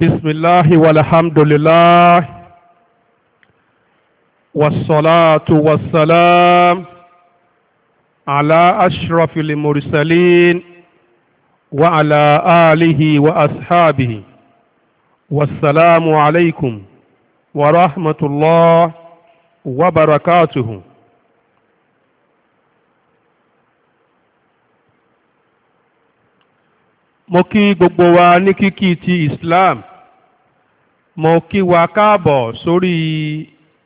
بسم الله والحمد لله والصلاة والسلام على أشرف المرسلين وعلى آله وأصحابه والسلام عليكم ورحمة الله وبركاته mo kí gbogbo wa ní kíkí ti Islam mo kí wa káàbọ̀ sórí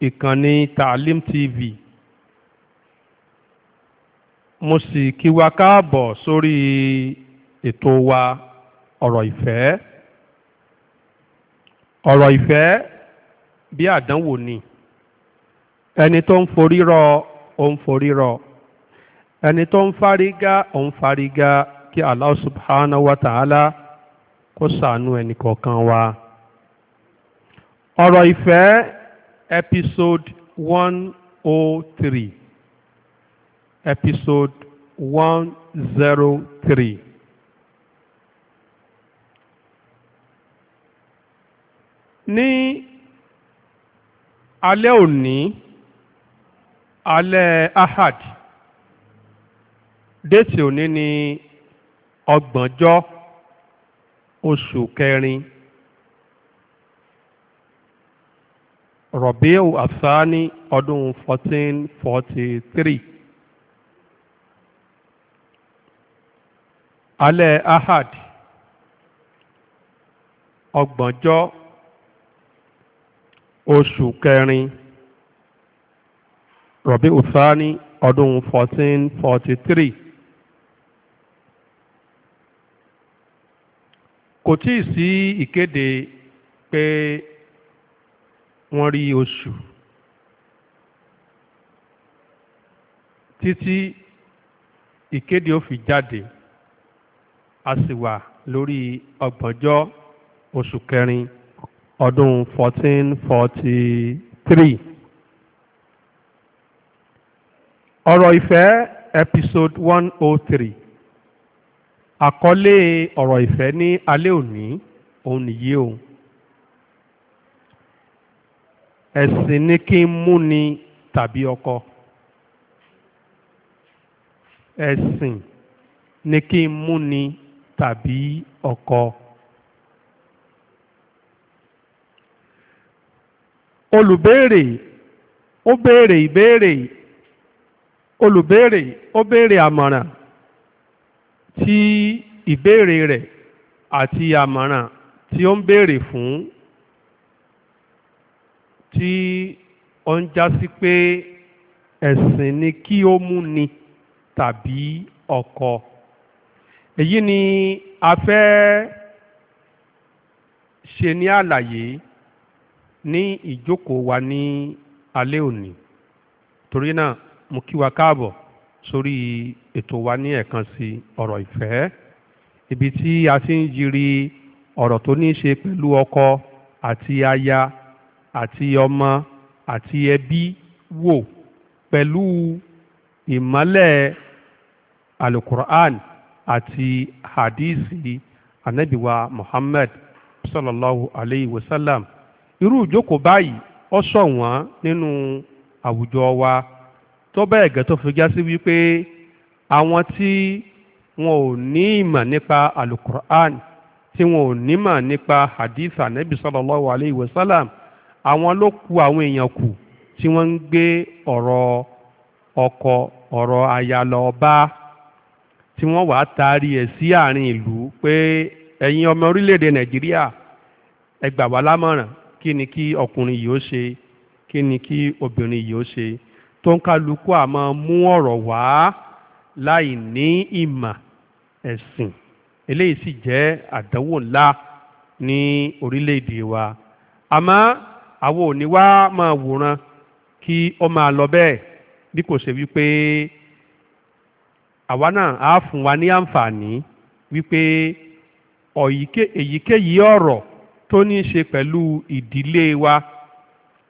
ìkànnì Taalim TV mo sì kí wa káàbọ̀ sórí ètò wa ọ̀rọ̀ ìfẹ́ ọ̀rọ̀ ìfẹ́ bí àdánwò ni ẹni tó ń forírọ ó ń forírọ ẹni tó ń fárígá ó ń kí Allah subhanahu wa ta'ala kó ṣàánú ẹnì kọ̀ọ̀kan wa. ọ̀rọ̀ ìfẹ́ episode one oh three episode one zero oh three. ní alẹ́ òní alẹ́ ahad déètì òní ni ọgbọ̀njọ́ oṣù kẹrin rọ̀bíù àfáàní ọdún 1443 alẹ́ ahad ọgbọ̀njọ́ oṣù kẹrin rọ̀bíù àfáàní ọdún 1443 kò tí ì sí ìkéde pé wọ́n rí oṣù títí ìkéde ó fi jáde a sì wà lórí ọgbọ̀njọ́ oṣù kẹrin ọdún 1443 ọ̀rọ̀ ìfẹ́ episode 103 àkọlé ọ̀rọ̀ ìfẹ́ ní alẹ́ òní òun nìyí o ẹ̀sìn ni kí n mú ni tàbí ọkọ ẹ̀sìn ni kí n mú ni tàbí ọkọ. olùbéèrè ó béèrè ìbéèrè olùbéèrè ó béèrè àmọ̀ràn tí ìbéèrè rẹ̀ àti àmọ̀ràn tí ó ń béèrè fún tí ó ń já sí pé ẹ̀sìn ni kí ó mú ni tàbí ọkọ èyí ni a fẹ́ ṣe ní àlàyé ní ìjókòó wa ní alẹ́ òní torí náà mo kí wa káàbọ̀ sórí ètò wa ní ẹ̀kan sí ọ̀rọ̀ ìfẹ́ ibi tí a ti ń jiri ọ̀rọ̀ tó ní í ṣe pẹ̀lú ọkọ àti aya àti ọmọ àti ẹbí wò pẹ̀lú ìmọ́lẹ̀ alukur'an àti hadisi anabiwa muhammad sallallahu alayhi wa sallam irú ìjókòó báyìí ó ṣọ̀wọ́n nínú àwùjọ wa tó bẹ́ẹ̀ gẹ́ tó fi já sí wípé àwọn tí wọn ò ní ìmọ̀ nípa alukur'an tí wọn ò nímọ̀ nípa hadith anabi sallallahu alayhi wa sallam àwọn ló ku àwọn èèyàn kù tí wọ́n ń gbé ọ̀rọ̀ ọkọ ọ̀rọ̀ aya lọ bá tí wọ́n wàá taari ẹ̀ sí àárín ìlú pé ẹ̀yin ọmọ orílẹ̀-èdè nàìjíríà ẹ gbà lámọ̀ràn kí ni kí ọkùnrin yìí ó ṣe kí ni kí obìnrin yìí ó ṣe tó ń kálukú àmọ́ mú ọ̀rọ̀ wá láì ní ìmọ̀ ẹ̀sìn eléyìí sì jẹ́ àdánwò ńlá ní orílẹ̀-èdè wa àmọ́ àwọn òní wá máa wòran kí ó máa lọ bẹ́ẹ̀ bí kò ṣe wípé àwa náà á fún wa ní àǹfààní wípé èyíkéyìí ọ̀rọ̀ tó ní í ṣe pẹ̀lú ìdílé wa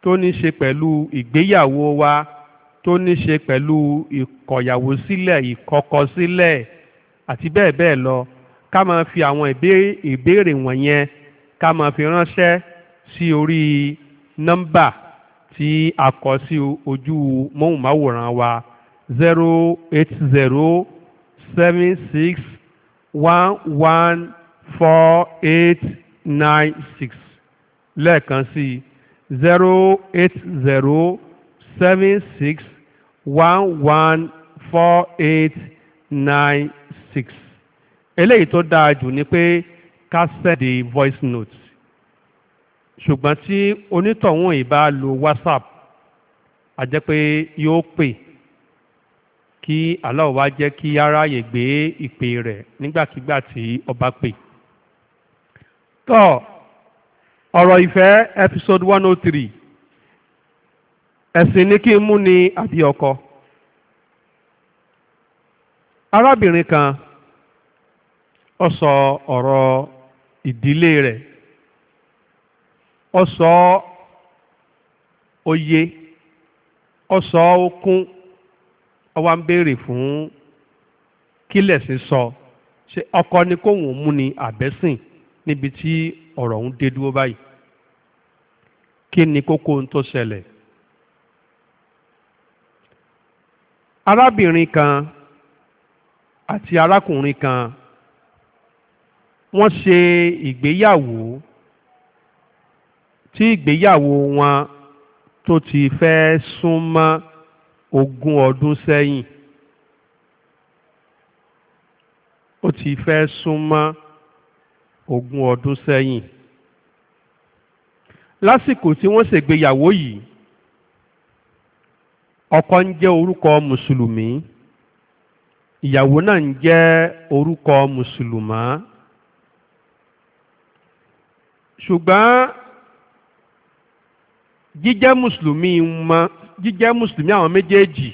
tó ní í ṣe pẹ̀lú ìgbéyàwó wa tó ní ṣe pẹ̀lú ìkọ̀yàwó sílẹ̀ ìkọkọ sílẹ̀ àti bẹ́ẹ̀ bẹ́ẹ̀ lọ ká máa fi àwọn ìbéèrè wọ̀nyẹn ká máa fi ránṣẹ́ sí orí nọ́mbà tí a kọ sí ojú móhùnmáwòrán wa zero eight zero seven six one one four eight nine six lẹ́ẹ̀kan sí zero eight zero seven six one one four eight nine six eléyìí tó dáa jù ni pé ká voice note ṣùgbọ́n tí onítọ̀hún ìbá lo whatsapp a jẹ́ pé yóò pè kí Allah wá jẹ́ kí aráyè gbé ìpè rẹ̀ nígbàkigbà tí ọba pè. tó ọ̀rọ̀ ìfẹ́ episode one oh three ẹ̀sìn ni kí n mú ni àbí ọkọ arábìnrin kan ó sọ ọ̀rọ̀ ìdílé rẹ̀ ó sọ oyè ó sọ okun ó wá ń béèrè fún kílẹ̀ sí sọ ṣé ọkọ ni kóhùn mú ni àbẹ́sìn níbi tí ọ̀rọ̀ ń dé dúró báyìí kí ni kókó ń tó ṣẹlẹ̀ arábìnrin kan àti arákùnrin kan wọ́n ṣe ìgbéyàwó tí ìgbéyàwó wọn tó ti fẹ́ súnmọ́ ogún ọdún sẹ́yìn ó ti fẹ́ súnmọ́ ogún ọdún sẹ́yìn lásìkò tí wọ́n ṣègbéyàwó yìí ọkọ ń jẹ́ orúkọ mùsùlùmí ìyàwó náà ń jẹ́ orúkọ mùsùlùmá ṣùgbọ́n jíjẹ́ mùsùlùmí wọn jíjẹ́ mùsùlùmí àwọn méjèèjì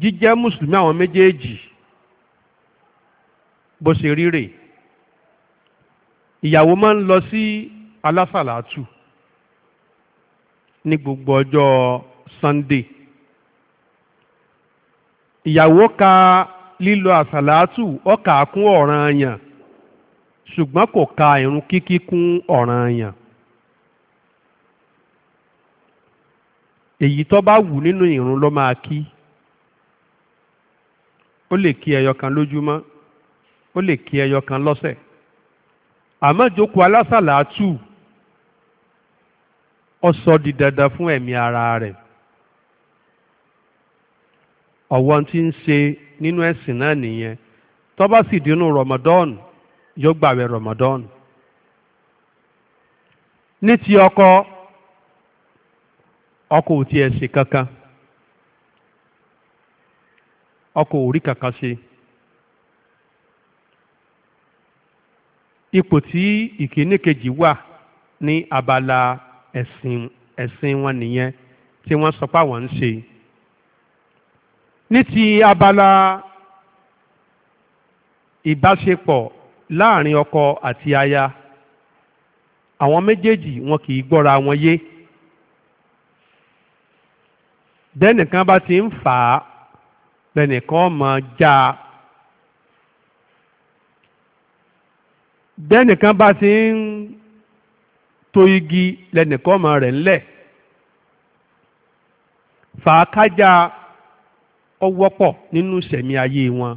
jíjẹ́ mùsùlùmí àwọn méjèèjì bó ṣe rí ìyàwó máa ń lọ sí aláfàlátù ní gbogbo ọjọ́ Sunday ìyàwó ka lílọ àsàlátù ó kà á kún ọ̀ranyàn ṣùgbọ́n kò ka irun kíkí kún ọ̀ranyàn èyí tó bá wù nínú irun ló máa kí ó lè kí ẹyọ kan lójúmọ́ ó lè kí ẹyọ kan lọ́sẹ̀ àmọ́ ìjókòó alásàlátù ó di dandan fún ẹ̀mí ara rẹ̀ ọ̀wọ́n tí ń ṣe nínú ẹ̀sìn náà nìyẹn tó bá sì dínú Ramadan yóò gbàwẹ̀ Ramadan. ní ti ọkọ ọkọ ò tiẹ̀ ṣe kankan ọkọ ò rí kankan ṣe. ipò tí ìkíní kejì wà ní abala ẹ̀sìn ẹ̀sìn wọn nìyẹn tí wọ́n sọ pé àwọn ń ṣe yìí ní ti abala ìbáṣepọ̀ láàrin ọkọ àti aya àwọn méjèèjì wọn kì í gbọ́ra wọn yé dẹ́nìkan bá ti ń fà á lẹ́nìkan máa já a dẹ́nìkan bá ti ń to igi lẹ́nìkan máa rẹ̀ ńlẹ̀ fà á kájà ó wọ́pọ̀ nínú ìṣẹ̀mí ayé wọn.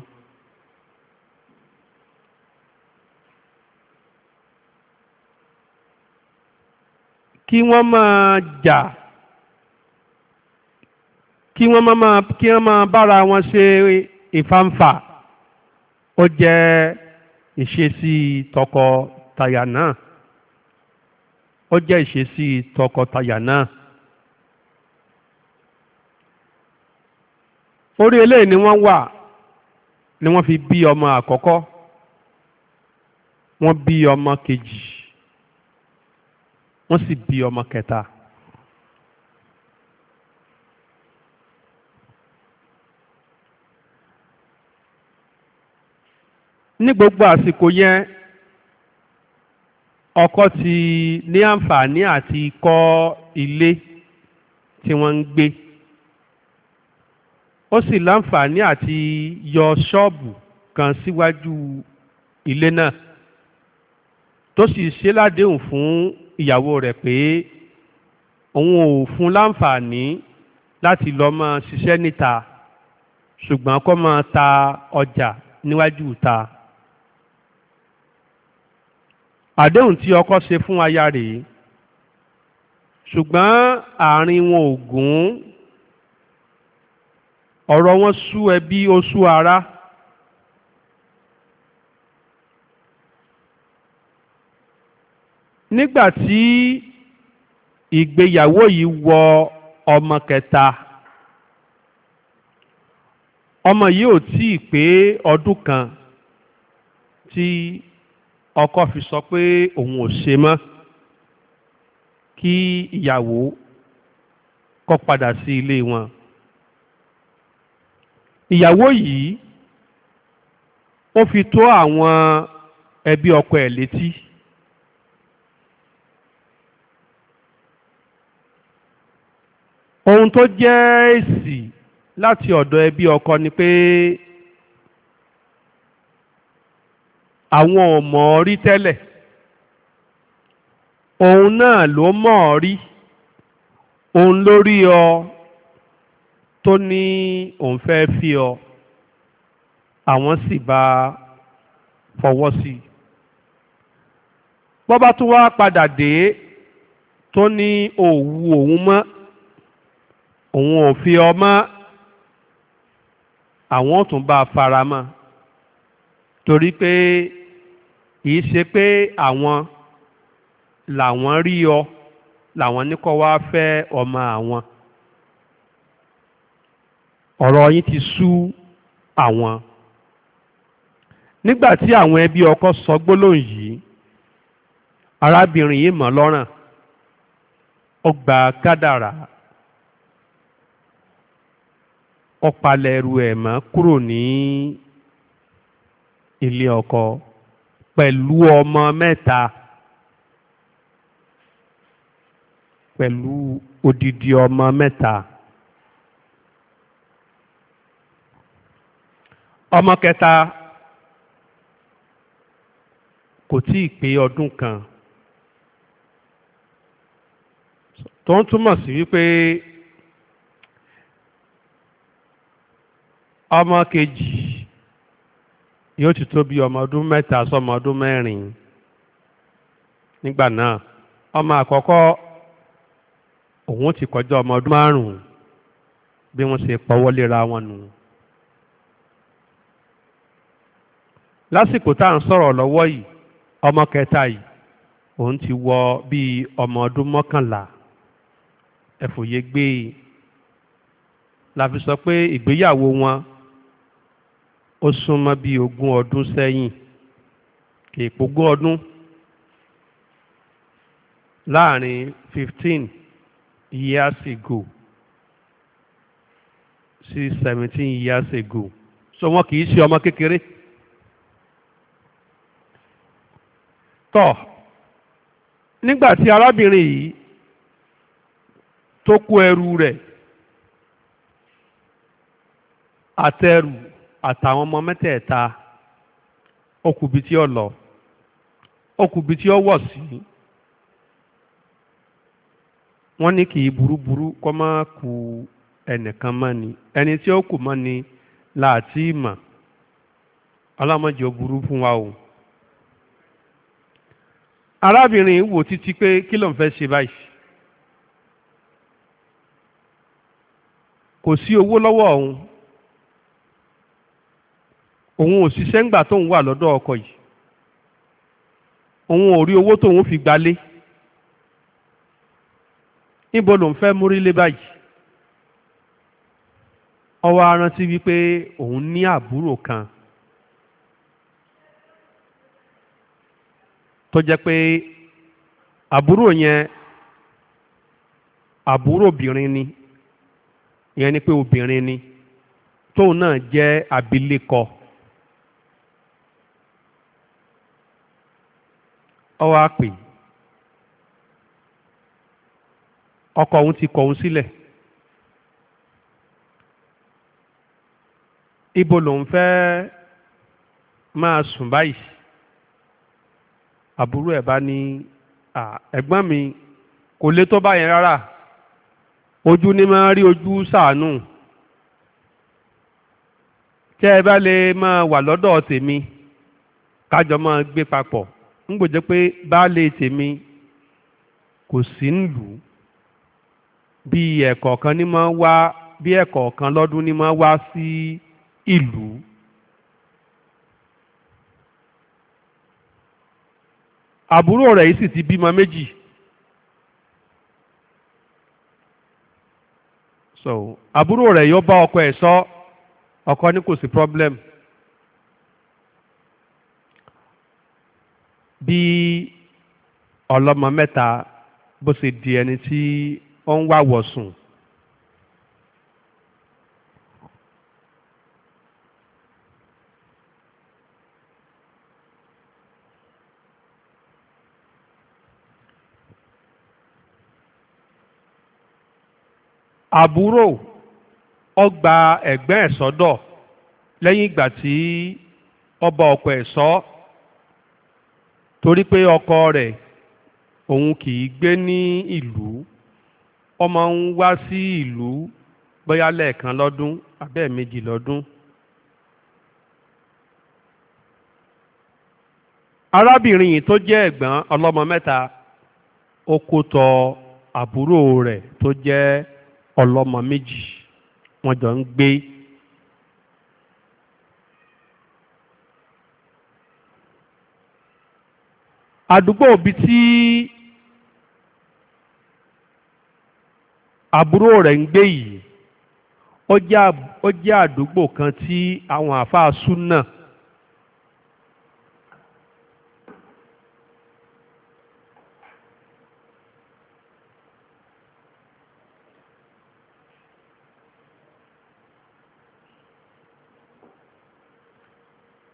kí wọ́n máa jà kí wọ́n máa kí wọ́n máa bára wọn ṣe ìfàǹfà ó jẹ́ ìṣesí tọkọtaya náà ó jẹ́ ìṣesí tọkọtaya náà. orí eléyìí ni wọ́n wà ni wọ́n fi bí ọmọ àkọ́kọ́ wọ́n bí ọmọ kejì wọ́n sì bí ọmọ kẹta. ní gbogbo àsìkò yẹn ọkọ ti ní àǹfààní àti kọ́ ilé tí wọ́n ń gbé ó sì láǹfààní àti yọ ṣọ́ọ̀bù kan síwájú ilé náà tó sì ṣe ládéhùn fún ìyàwó rẹ̀ pé òun ò fún láǹfààní láti lọ máa ṣiṣẹ́ níta ṣùgbọ́n kó máa ta ọjà níwájú ìta àdéhùn tí ọkọ ṣe fún aya rèé ṣùgbọ́n àárín wọn ò gún ọ̀rọ̀ wọn sú ẹbí ó sú ara nígbà tí ìgbéyàwó yìí wọ ọmọ kẹta ọmọ yìí ò tí ì pé ọdún kan tí ọkọ fi sọ pé òun ò ṣe mọ́ kí ìyàwó kó padà sí ilé wọn ìyàwó yìí ó fi tó àwọn ẹbí ọkọ ẹ̀ létí. ohun tó jẹ́ èsì láti ọ̀dọ̀ ẹbí ọkọ ni pé àwọn ò mọ̀ ọ́ rí tẹ́lẹ̀ òun náà ló mọ̀ ọ́ rí òun ló rí ọ tó ní òun fẹ́ fi ọ àwọn sì bá fọwọ́ sí i bọ́ bá tún wá padà dé tó ní òwú òun mọ́ òun ò fi ọ mọ́ àwọn ò tún bá a fara mọ́ torí pé kìí ṣe pé àwọn làwọn rí ọ làwọn ní kó wá fẹ́ ọmọ àwọn ọ̀rọ̀ yín ti sú àwọn nígbà tí àwọn ẹbí ọkọ sọ gbólóhùn yìí arábìnrin yìí mọ̀ lọ́ràn ó gba kádàrá ó palẹ̀ ẹrù ẹ̀ mọ́ kúrò ní ilé ọkọ pẹ̀lú ọmọ mẹ́ta pẹ̀lú odidi ọmọ mẹ́ta. ọmọ kẹta kò tí ì pé ọdún kan tó ń túmọ̀ sí wípé ọmọ kejì yóò ti tó bí ọmọ ọdún mẹ́ta sọmọ ọdún mẹ́rin nígbà náà ọmọ àkọ́kọ́ òun ti kọjá ọmọ ọdún márùn-ún bí wọ́n ṣe pọwọ́ léra wọn nù. lásìkò tá à ń sọ̀rọ̀ lọ́wọ́ yìí ọmọ kẹta yìí òun ti wọ bíi ọmọ ọdún mọ́kànlá ẹ̀fòye gbé e la fi sọ pé ìgbéyàwó wọn ó súnmọ́ bíi ogún ọdún sẹ́yìn kì í pogún ọdún láàrin fifteen years ago sí seventeen years ago so wọn kì í ṣe ọmọ kékeré. tọ̀ nígbà arábìnrin yìí tó kó ẹrù rẹ̀ àtẹrù àtàwọn ọmọ mẹ́tẹ̀ẹ̀ta okùnbi tí ó lọ okùnbi tí ó wọ̀ sí wọ́n ní kì í burúburú kọ́ máa ku ẹnìkan mọ́ ni ẹni tí ó kù mọ́ ni láti mọ̀ ọlọ́mọdé ó burú fún wa o. arábìnrin wò títí pé kí ló ń fẹ́ ṣe báyìí kò sí owó lọ́wọ́ òun òun ò ṣiṣẹ́ ńgbà tóun wà lọ́dọ̀ ọkọ yìí òun ò rí owó tóun fi gbalé níbo ló ń fẹ́ múrílé báyìí ó wá rántí wípé òun ní àbúrò kan tó jẹ́ pé àbúrò yẹn àbúrò obìnrin ni ìyẹn ni pé obìnrin ni tóun náà jẹ́ abilékọ. ó wá pè ọkọ òun ti kọ òun sílẹ̀ ibo lòun fẹ́ máa sùn báyìí àbúrò ẹ̀ bá ní ẹ̀gbọ́n mi kò lè tó báyẹn rárá ojú ni máa rí ojú ṣàánú tẹ́ ẹ bá lè máa wà lọ́dọ̀ tèmi kájọ máa gbé papọ̀ ń gbòjẹ́ pé baálé tèmi kò sí nílùú bí ẹ̀kọ̀ọ̀kan ní máa wá bí ẹ̀kọ̀ọ̀kan lọ́dún ní máa wá sí ìlú. àbúrò rẹ̀ yìí sì ti bímọ méjì so àbúrò rẹ̀ yóò bá ọkọ ẹ̀ sọ ọkọ ní kò sí problem bí ọlọ́mọ mẹ́ta bó ṣe di ẹni tí ó ń wá wọ̀sùn. àbúrò ó gba ẹ̀gbẹ́ ẹ̀ sọ́dọ̀ lẹ́yìn ìgbà tí ọba ọkọ ẹsọ torí pé ọkọ rẹ òun kì í gbé ní ìlú ó ń wá sí ìlú bóyá lẹ́ẹ̀kan lọ́dún abẹ́ẹ̀mejì lọ́dún. arábìnrin yìí tó jẹ́ ẹ̀gbọ́n ọlọ́mọ mẹ́ta ó kó tọ àbúrò rẹ̀ tó jẹ́ ọlọ́mọ méjì wọ́n jọ ń gbé àdúgbò bí tí àbúrò rẹ̀ ń gbé yìí ó jẹ́ àdúgbò kan tí àwọn àáfàá súnà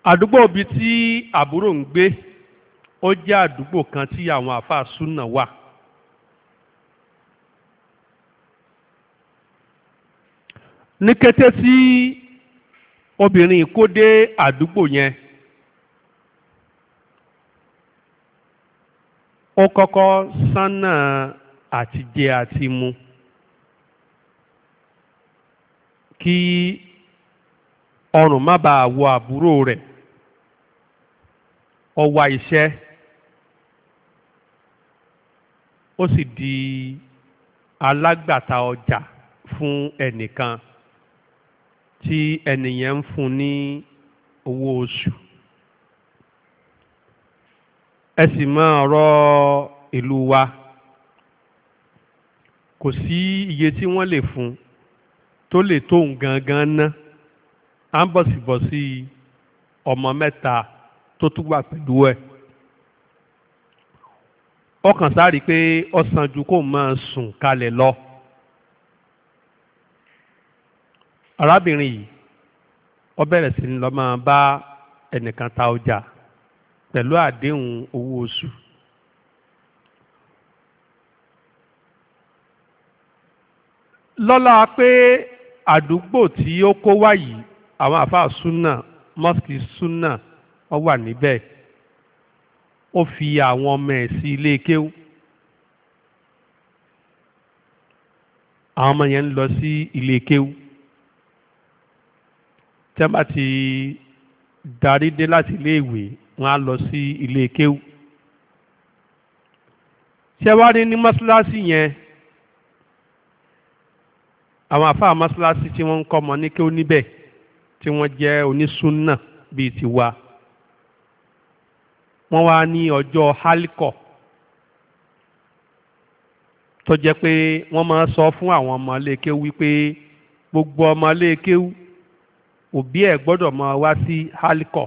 àdúgbò bíi tí àbúrò ń gbé ó jẹ́ àdúgbò kan tí àwọn àfáà súnà wà. ní kété tí obìnrin kó dé àdúgbò yẹn ó kọ́kọ́ sánà àtijé àti mu kí ọrùn má bàa wọ àbúrò rẹ̀. ọwà iṣẹ́ ó sì di alágbàtà ọjà fún ẹnìkan tí ẹnìyẹn ń fún ní owó oṣù ẹ sì mọ ọ̀rọ̀ ìlú wa kò sí iye tí wọ́n lè fún tó lè tó nǹkan gan ná à ń bọ̀sibọ̀sí ọmọ mẹ́ta tó tún wà pẹ̀lú ẹ̀ ọkàn sáré pé ọ̀sán ju kó máa sùn kalẹ̀ lọ arábìnrin yìí ó bẹ̀rẹ̀ sí ni lọ máa bá ẹnìkan ta ọjà pẹ̀lú àdéhùn owó oṣù lọ́la pé àdúgbò tí ó kó wá yìí àwọn àfáà súnà mọ́sìkì súnà ó wà níbẹ̀ ó fi àwọn ọmọ ẹ̀ sí ilé kéwú àwọn ọmọ yẹn ń lọ sí ilé kéwú tẹ́ bá ti darí dé láti ilé ìwé wọ́n á lọ sí ilé kéwú ṣẹ́wárí ní mọ́ṣáláṣí yẹn àwọn àfáà mọ́ṣáláṣí tí wọ́n ń kọ́ ọmọ ní kéwú níbẹ̀ tí wọ́n jẹ́ onísúnnà bíi tiwa wọ́n wá ní ọjọ́ hálíkọ̀ tó jẹ́ pé wọ́n máa sọ fún àwọn ọmọ iléekéwú wípé gbogbo ọmọ iléekéwú òbí ẹ̀ gbọ́dọ̀ máa wá sí hálíkọ̀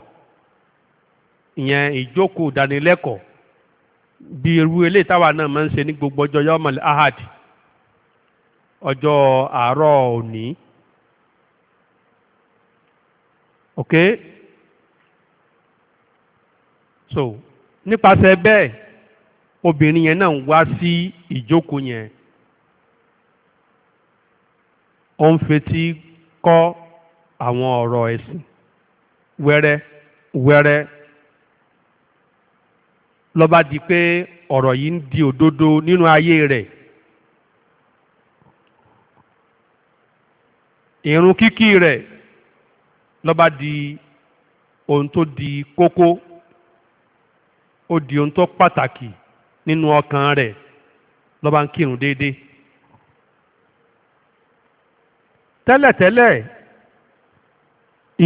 ìyẹn ìjókòó ìdánilẹ́kọ̀ọ́ bí irú eléyìí táwa náà máa ń ṣe ní gbogbo ọjọ́ yọmọlẹ ahad ọjọ́ àárọ̀ òní so nípasẹ̀ bẹ́ẹ̀ obìnrin yẹn náà ń wá sí ìjókòó yẹn ó ń fetí kọ́ àwọn ọ̀rọ̀ ẹ̀sìn wẹ́rẹ́ wẹ́rẹ́ ló bá di pé ọ̀rọ̀ yìí ń di òdodo nínú ayé rẹ̀ ìrun kíkí rẹ̀ ló di ohun tó di kókó ó di ohun tó pàtàkì nínú ọkàn rẹ̀ ló bá ń kírun déédéé. tẹ́lẹ̀tẹ́lẹ̀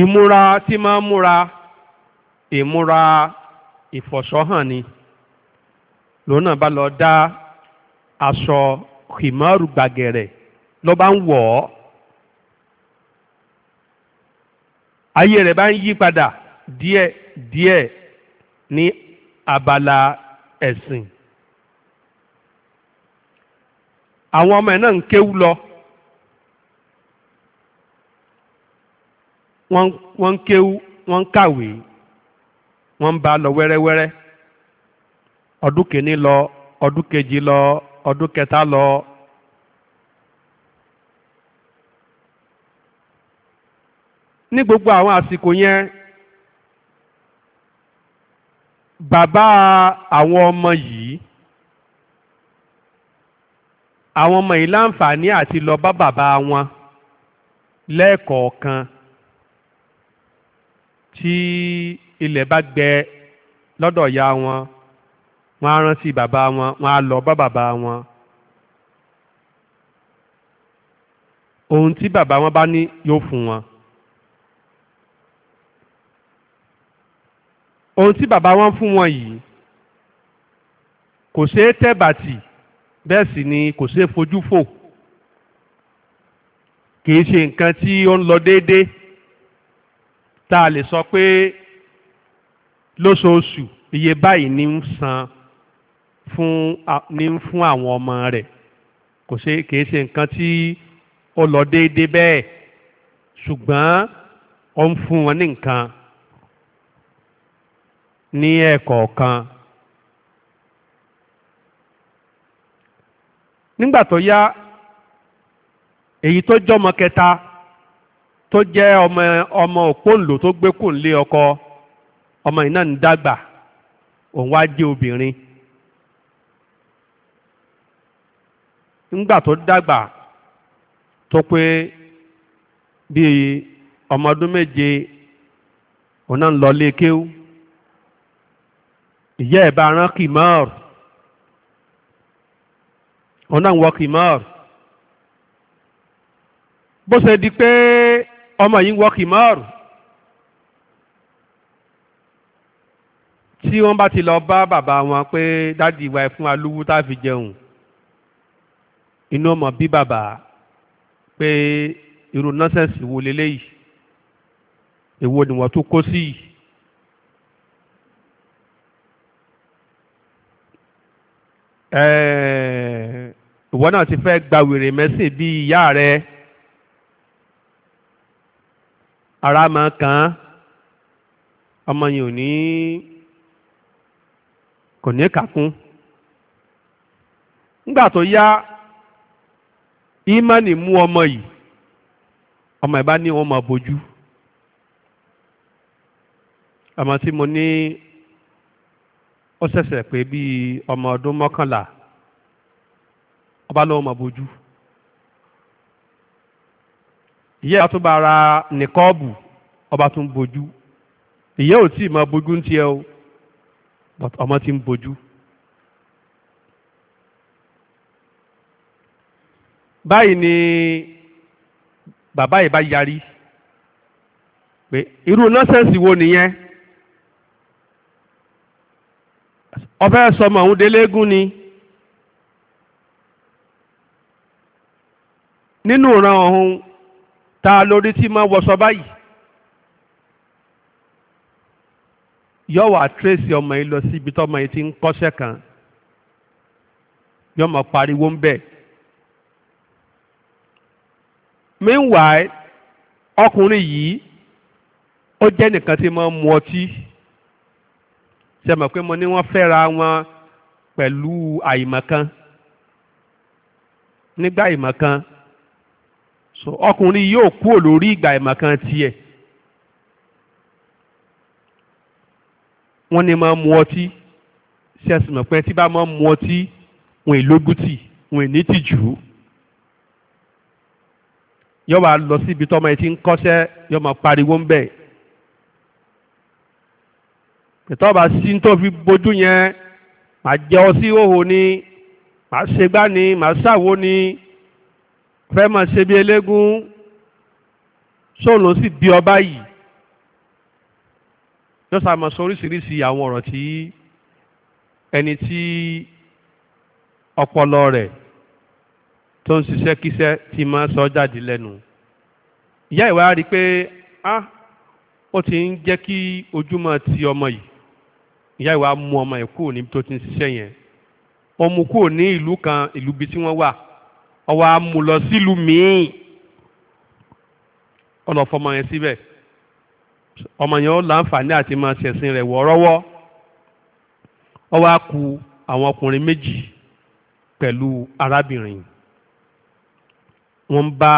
ìmúra tí máa ń múra ìmúra ìfọ̀sọ́hàn ni lòun náà bá lọ dá aṣọ kìmọ́rù gbàgẹ̀rẹ̀ ló bá ń wọ̀ ọ́ ayé rẹ̀ bá ń yí padà díẹ̀ díẹ̀ ní abala ẹsìn àwọn ọmọ ẹ̀ náà ń kéwú lọ wọ́n ń kéwú wọ́n ń kàwé wọ́n ń bá lọ wẹrẹwẹrẹ ọdún kìíní lọ ọdún kejì lọ ọdún kẹta lọ ní gbogbo àwọn àsìkò yẹn bàbá àwọn ọmọ yìí àwọn ọmọ yìí láǹfààní àti lọ bá bàbá wọn lẹ́ẹ̀kọ̀ọ̀kan tí ilẹ̀ bá gbẹ lọ́dọ̀ ya wọn wọn á rántí bàbá wọn wọn á lọ bá bàbá wọn. ohun tí bàbá wọn bá ní yóò fún wọn. ohun tí bàbá wọn fún wọn yìí kò ṣeé tẹ́ bàtì bẹ́ẹ̀ sì ni kò ṣeé fojú fò kìí ṣe nǹkan tí ó ń lọ déédéé tá a lè sọ pé lóṣooṣù iye báyìí ní ń san fún ní ń fún àwọn ọmọ rẹ̀ kò ṣe kìí ṣe nǹkan tí ó lọ déédéé bẹ́ẹ̀ ṣùgbọ́n ó ń fún wọn ní nǹkan. ní ẹ̀kọ̀ọ̀kan nígbà tó yá èyí tó jọmọ kẹta tó jẹ ọmọ ọmọ òpóǹlò tó gbé kùnlé ọkọ ọmọ yìí náà ń dàgbà òun wá jẹ́ obìnrin nígbà tó dàgbà tó pé bíi ọmọ ọdún méje òun náà ń lọ lé kéwú. ìyá ẹ̀ bá rán kìmọ́ọ̀rù òun náà ń wọ kìmọ́ọ̀rù bó ṣe di pé ọmọ yìí ń wọ kìmọ́ọ̀rù tí wọ́n bá ti lọ bá bàbá wọn pé dádì ìwà ẹ̀ fún alúwú tá a fi jẹun inú ọmọ bí bàbá pé irú nọ́sẹ̀sì wo leléyìí èwo ni wọ́n tún kó sí yìí. Eh, ìwọ náà ti fẹ́ gba wèrè mẹ́sìn bí ìyá rẹ ara máa kàn án ọmọ yìí ò ní kò ní kàkún nígbà tó yá ìmánì mú ọmọ yìí ọmọ ìbá ní wọn máa bójú ọmọ tí mo ní ó ṣẹ̀ṣẹ̀ pé bíi ọmọ ọdún mọ́kànlá ọba lọ́wọ́ mọ̀ bójú ìyá tó bá ra nìkọ́ọ̀bù ọba tó ń bójú ìyá ò tí ì mọ bójú ń tiẹ̀ o but ọmọ ti ń bójú. báyìí ni bàbá yìí bá yarí pé irú nọ́sẹ̀nsì wo nìyẹn. ọfẹ́ sọmọ òun délégún ni nínú ìran ọ̀hún ta lórí tí máa wọṣọ báyìí yóò wá tírèsì ọmọ yìí lọ síbi tọ́mọ yìí ti ń kọ́ṣẹ́ kan yóò máa pariwo ń bẹ̀. meanwhile ọkùnrin yìí ó jẹ́ nìkan tí máa ń mu ọtí ṣe mọ̀ pé mo ní wọ́n fẹ́ra wọn pẹ̀lú àìmọ̀kan nígbà àìmọ̀kan so ọkùnrin yóò kúrò lórí ìgbà àìmọ̀kan tiẹ̀ wọ́n ní máa mu ọtí ṣe sì mọ̀ pé tí bá máa mu ọtí wọn ìlógútì wọn ìní tìjú yóò wá lọ síbi tọ́mọ ẹ ti ń kọ́ṣẹ́ yóò máa pariwo ń bẹ́ẹ̀ ìtọ́ba sí tó fi bojú yẹn màá jẹ ọ sí ìhòhò ni màá ṣe gbá ni màá ṣàwo ni fẹ́ máa ṣe bí eléégún sóun ló sì di ọba yìí lọ́sà máa sọ oríṣiríṣi àwọn ọ̀rọ̀ tí ẹni tí ọpọlọ rẹ̀ tó ń ṣiṣẹ́ kíṣẹ́ ti máa sọ jáde lẹ́nu ìyá ìwà rí i pé ah, ó ti ń jẹ́ kí ojúmọ́ ti ọmọ yìí ìyá ìwà mú ọmọ ẹ̀ kúrò níbi tó ti ń ṣiṣẹ́ yẹn ó mú kúrò ní ìlú kan ìlú bíi tí wọ́n wà ó wá mú lọ sílùú míì ó yẹn síbẹ̀ ọmọ yẹn ó láǹfààní àti máa ṣẹ̀sìn rẹ̀ wọ́ọ́rọ́wọ́ ó wá ku àwọn ọkùnrin méjì pẹ̀lú arábìnrin wọ́n ń bá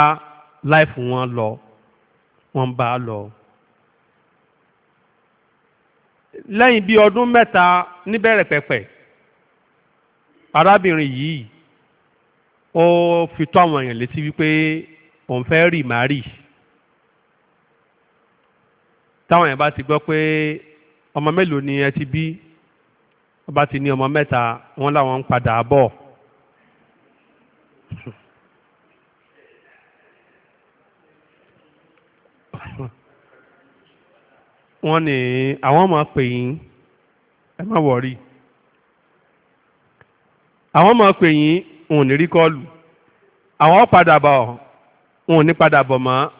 láìfù wọn lọ wọ́n bá lọ. lẹ́yìn bí ọdún mẹ́ta níbẹ̀rẹ̀ pẹ̀pẹ̀ arábìnrin yìí ó fi tó àwọn èèyàn létí wípé òun fẹ́ rì má rì táwọn èèyàn bá ti gbọ́ pé ọmọ mélòó ni ẹ ti bí wọ́n ti ní ọmọ mẹ́ta wọ́n láwọn ń padà bọ̀ wọ́n ní àwọn máa pè yín ẹ má wọ̀rí àwọn máa pè yín òun ní rí kọ́ọ̀lù àwọn padà bọ̀ òun ní padà bọ̀ mọ́